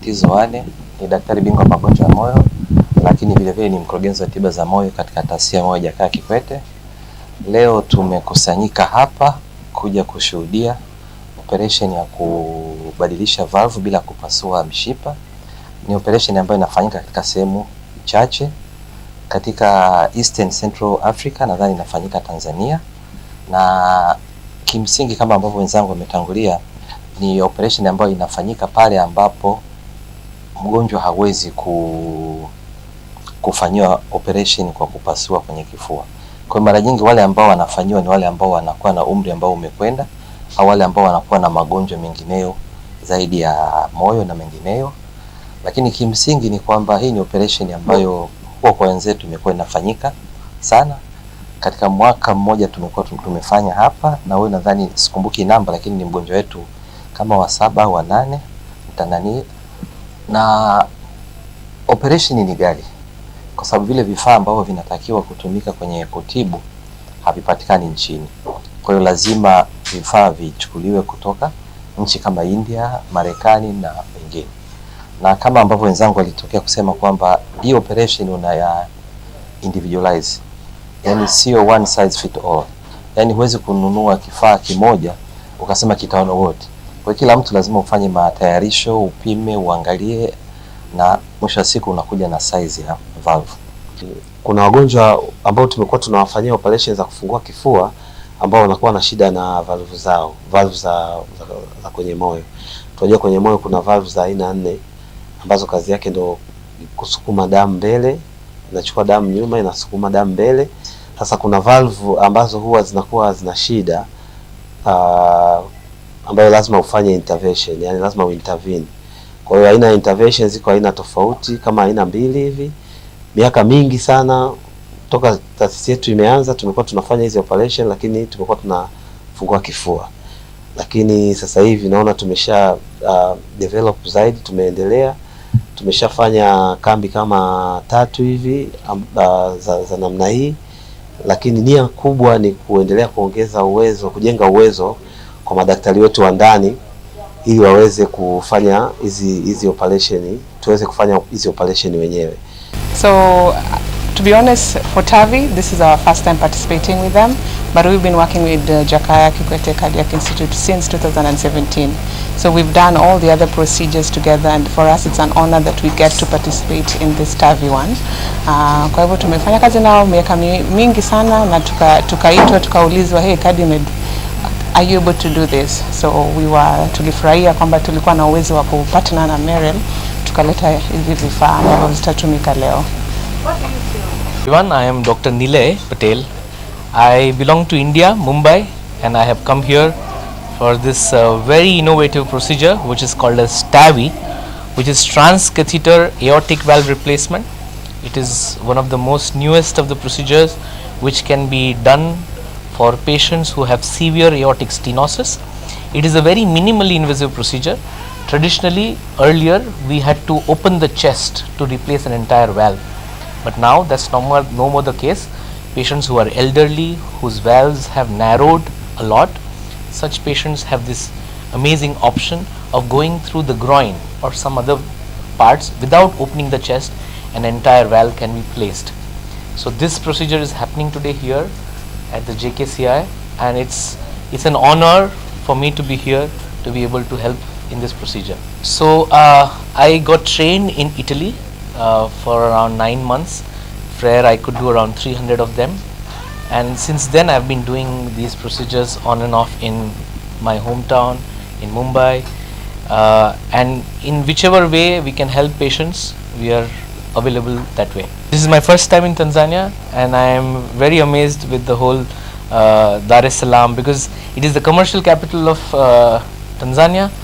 Wale ni daktari bingwa magonjwa ya moyo, lakini vilevile ni mkurugenzi wa tiba za moyo katika taasisi ya moyo Jakaya Kikwete. Leo tumekusanyika hapa kuja kushuhudia operation ya kubadilisha valve bila kupasua mshipa. Ni operation ambayo inafanyika katika sehemu chache katika Eastern Central Africa, nadhani inafanyika Tanzania, na kimsingi kama ambavyo wenzangu wametangulia, ni operation ambayo inafanyika pale ambapo mgonjwa hawezi ku kufanyiwa operation kwa kupasua kwenye kifua. Kwa mara nyingi wale ambao wanafanyiwa ni wale ambao wanakuwa na umri ambao umekwenda au wale ambao wanakuwa na magonjwa mengineyo zaidi ya moyo na mengineyo, lakini kimsingi ni kwamba hii ni operation ambayo huwa kwa wenzetu imekuwa inafanyika sana. Katika mwaka mmoja tumekuwa tumefanya hapa na wewe, nadhani sikumbuki namba, lakini ni mgonjwa wetu kama wa saba wa nane Mtanzania na operesheni ni gari kwa sababu vile vifaa ambavyo vinatakiwa kutumika kwenye kutibu havipatikani nchini. Kwa hiyo lazima vifaa vichukuliwe kutoka nchi kama India, Marekani na wengine, na kama ambavyo wenzangu walitokea kusema kwamba hii operation unaya individualize, yani sio one size fit all, yani huwezi kununua kifaa kimoja ukasema kitaona wote. Kwa kila mtu lazima ufanye matayarisho, upime, uangalie na mwisho wa siku unakuja na size ya valve. Kuna wagonjwa ambao tumekuwa tunawafanyia operation za kufungua kifua ambao wanakuwa na shida na valve zao, valve za, za, za kwenye moyo. Tunajua kwenye moyo kuna valve za aina nne ambazo kazi yake ndo kusukuma damu mbele, inachukua damu nyuma, inasukuma damu mbele. Sasa kuna valve ambazo huwa zinakuwa zina shida uh, ambayo lazima ufanye intervention, yani lazima uintervene. Kwa hiyo aina ya intervention ziko aina tofauti kama aina mbili hivi. Miaka mingi sana toka taasisi yetu imeanza tumekuwa tunafanya hizi operation, lakini tumekuwa tunafungua kifua, lakini sasa hivi naona tumesha uh, develop zaidi, tumeendelea tumeshafanya kambi kama tatu hivi uh, za, za namna hii, lakini nia kubwa ni kuendelea kuongeza uwezo, kujenga uwezo kwa madaktari wetu wa ndani ili waweze kufanya hizi hizi operation, tuweze kufanya hizi operation wenyewe. So to be honest for TAVI this is our first time participating with them but we've been working with uh, Jakaya Kikwete Cardiac Institute since 2017. So we've done all the other procedures together and for us it's an honor that we get to participate in this TAVI one. Uh, kwa hivyo tumefanya kazi nao miaka mingi sana na tukaitwa tuka tukaulizwa hey, kadi are you able to do this? So we were tulifurahia kwamba tulikuwa na uwezo wa kupatana na Merrell tukaleta hivi vifaa ambavyo zitatumika leo. Everyone, I am Dr. Nilay Patel. I belong to India, Mumbai, and I have come here for this uh, very innovative procedure which is called as TAVI, which is transcatheter aortic valve replacement. It is one of the most newest of the procedures which can be done for patients who have severe aortic stenosis. It is a very minimally invasive procedure. Traditionally, earlier we had to open the chest to replace an entire valve, but now that's no more, no more the case. Patients who are elderly, whose valves have narrowed a lot, such patients have this amazing option of going through the groin or some other parts without opening the chest, an entire valve can be placed. So this procedure is happening today here at the JKCI and it's, it's an honor for me to be here to be able to help in this procedure. So uh, I got trained in Italy uh, for around nine months where I could do around 300 of them and since then I've been doing these procedures on and off in my hometown in Mumbai uh, and in whichever way we can help patients we are available that way. This is my first time in Tanzania and I am very amazed with the whole uh, Dar es Salaam because it is the commercial capital of uh, Tanzania